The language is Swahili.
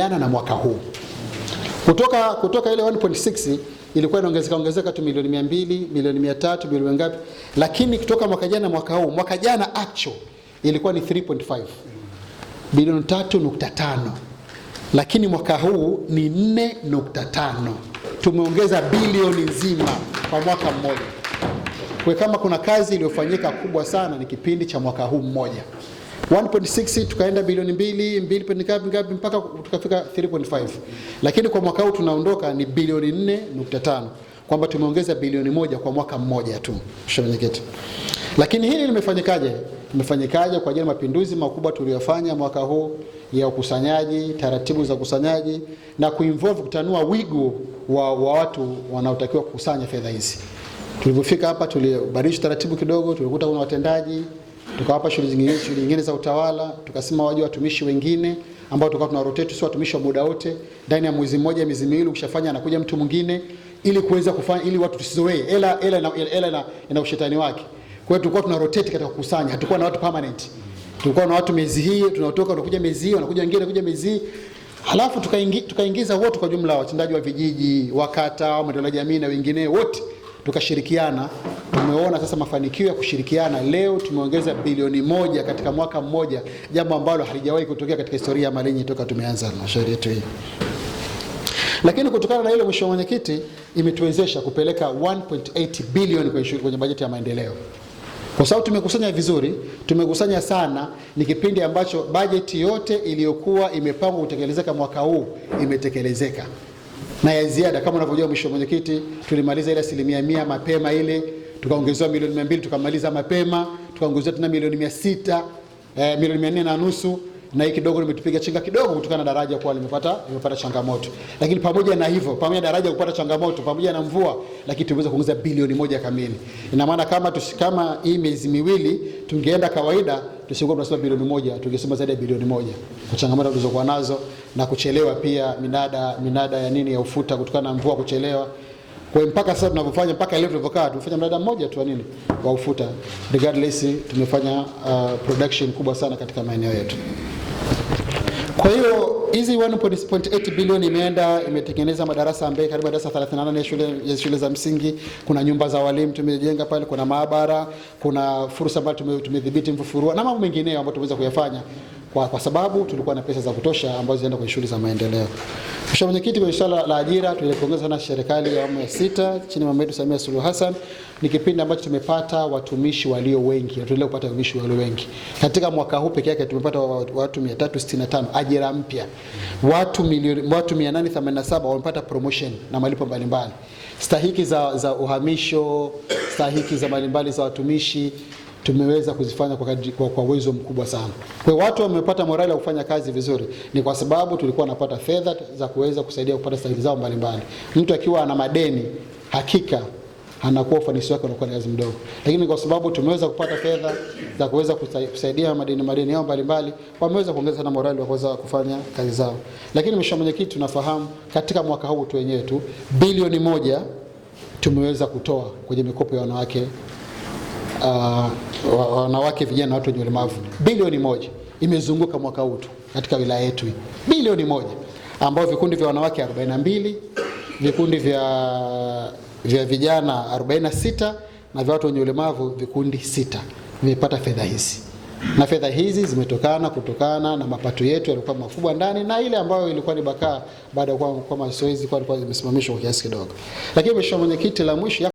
Jana na mwaka huu kutoka, kutoka ile 1.6 ilikuwa inaongezeka ongezeka tu milioni 200 milioni 300 milioni ngapi, lakini kutoka mwaka jana na mwaka huu, mwaka jana actual ilikuwa ni 3.5 bilioni 3.5, lakini mwaka huu ni 4.5. Tumeongeza bilioni nzima kwa mwaka mmoja. Kwa kama kuna kazi iliyofanyika kubwa sana ni kipindi cha mwaka huu mmoja. 1.6 tukaenda bilioni mbili, mbili point ngapi ngapi mpaka tukafika 3.5, lakini kwa mwaka huu tunaondoka ni bilioni 4.5, kwamba tumeongeza bilioni moja kwa mwaka mmoja tu, mwenyekiti. Lakini hili limefanyikaje? Limefanyikaje kwa ajili ya mapinduzi makubwa tuliyofanya mwaka huu ya ukusanyaji, taratibu za ukusanyaji na kuinvolve kutanua wigo wa, wa watu wanaotakiwa kukusanya fedha hizi. Tulivyofika hapa tulibadilisha taratibu kidogo, tulikuta kuna watendaji tukawapa shughuli zingine, shughuli nyingine za utawala, tukasema waje watumishi wengine ambao tulikuwa tuna rotate, sio watumishi wa muda wote. Ndani ya mwezi mmoja, miezi miwili, ukishafanya anakuja mtu mwingine, ili kuweza kufanya, ili watu tusizoee. Hela ela hela ina ushetani wake. Kwa hiyo tulikuwa tuna rotate katika kukusanya, hatukuwa na watu permanent. Tulikuwa na watu miezi hii, tunatoka tunakuja miezi hii, wanakuja wengine, wanakuja miezi hii Halafu tukaingia tukaingiza wote kwa jumla, watendaji wa vijiji, wakata, wa maendeleo ya jamii na wengine wote tukashirikiana tumeona sasa mafanikio ya kushirikiana. Leo tumeongeza bilioni moja katika mwaka mmoja, jambo ambalo halijawahi kutokea katika historia ya Malinyi toka tumeanza halmashauri yetu hii. Lakini kutokana na hilo, mheshimiwa mwenyekiti, imetuwezesha kupeleka 1.8 bilioni kwenye bajeti ya maendeleo kwa sababu tumekusanya vizuri, tumekusanya sana. Ni kipindi ambacho bajeti yote iliyokuwa imepangwa kutekelezeka mwaka huu imetekelezeka na ya ziada. Kama unavyojua, mheshimiwa mwenyekiti, tulimaliza ile asilimia mia mapema ile tukaongezewa milioni mia mbili tukamaliza mapema, tukaongezewa tena milioni mia sita eh, milioni mia nne na nusu na hii kidogo limetupiga chenga kidogo kutokana na daraja kuwa limepata limepata changamoto, lakini pamoja na hivyo, pamoja na daraja kupata changamoto, pamoja na mvua, lakini tumeweza kuongeza bilioni moja kamili. Ina maana kama kama hii miezi miwili tungeenda kawaida, tusingekuwa tunasema bilioni moja, tungesema zaidi ya bilioni moja kwa changamoto tulizokuwa nazo na kuchelewa pia minada minada ya nini ya ufuta kutokana na mvua kuchelewa. Kwa mpaka sasa tunavyofanya mpaka leo tulivyokaa tumefanya mradi mmoja tu nini wa ufuta. Regardless tumefanya uh, production kubwa sana katika maeneo yetu. Kwa hiyo hizi 1.8 bilioni imeenda imetengeneza madarasa ambayo karibu madarasa 38 ya shule, ya shule za msingi. Kuna nyumba za walimu tumejenga pale, kuna maabara, kuna fursa ambayo tumedhibiti mfufurua na mambo mengineyo ambayo tumeweza kuyafanya kwa, kwa sababu tulikuwa na pesa za kutosha ambazo zinaenda kwenye shughuli za maendeleo. Mheshimiwa Mwenyekiti, kwenye swala la ajira tulipongeza sana serikali ya awamu ya sita chini ya mama yetu Samia Suluhu Hassan. Ni kipindi ambacho tumepata watumishi walio wengi, tunaendelea kupata watumishi walio wengi. Katika mwaka huu peke yake tumepata watu 365 ajira mpya, watu milioni watu 887 wamepata promotion na malipo mbalimbali, stahiki za, za uhamisho, stahiki za mbalimbali za watumishi tumeweza kuzifanya kwa, kadri, kwa, kwa uwezo mkubwa sana. Kwa watu wamepata morali ya kufanya kazi vizuri, ni kwa sababu tulikuwa napata fedha za kuweza kusaidia kupata stahili zao mbalimbali. Mtu akiwa ana madeni hakika anakuwa ufanisi wake unakuwa ni kazi mdogo, lakini kwa sababu tumeweza kupata fedha za kuweza kusaidia madeni madeni yao mbalimbali, wameweza kuongeza na morali ya kuweza kufanya kazi zao. Lakini mheshimiwa mwenyekiti, tunafahamu katika mwaka huu tu wenyewe tu bilioni moja tumeweza kutoa kwenye mikopo ya wanawake uh, wanawake, vijana watu wenye ulemavu bilioni moja imezunguka mwaka huu tu katika wilaya yetu bilioni moja, ambao vikundi vya wanawake 42 vikundi vya, vya vijana 46 na vya watu wenye ulemavu vikundi sita vimepata fedha hizi na fedha hizi zimetokana kutokana na mapato yetu yalikuwa makubwa ndani na ile ambayo ilikuwa ni bakaa baada ya kwamba kwa mazoezi kwa ilikuwa imesimamishwa kwa kiasi kidogo, lakini mheshimiwa mwenyekiti, la mwisho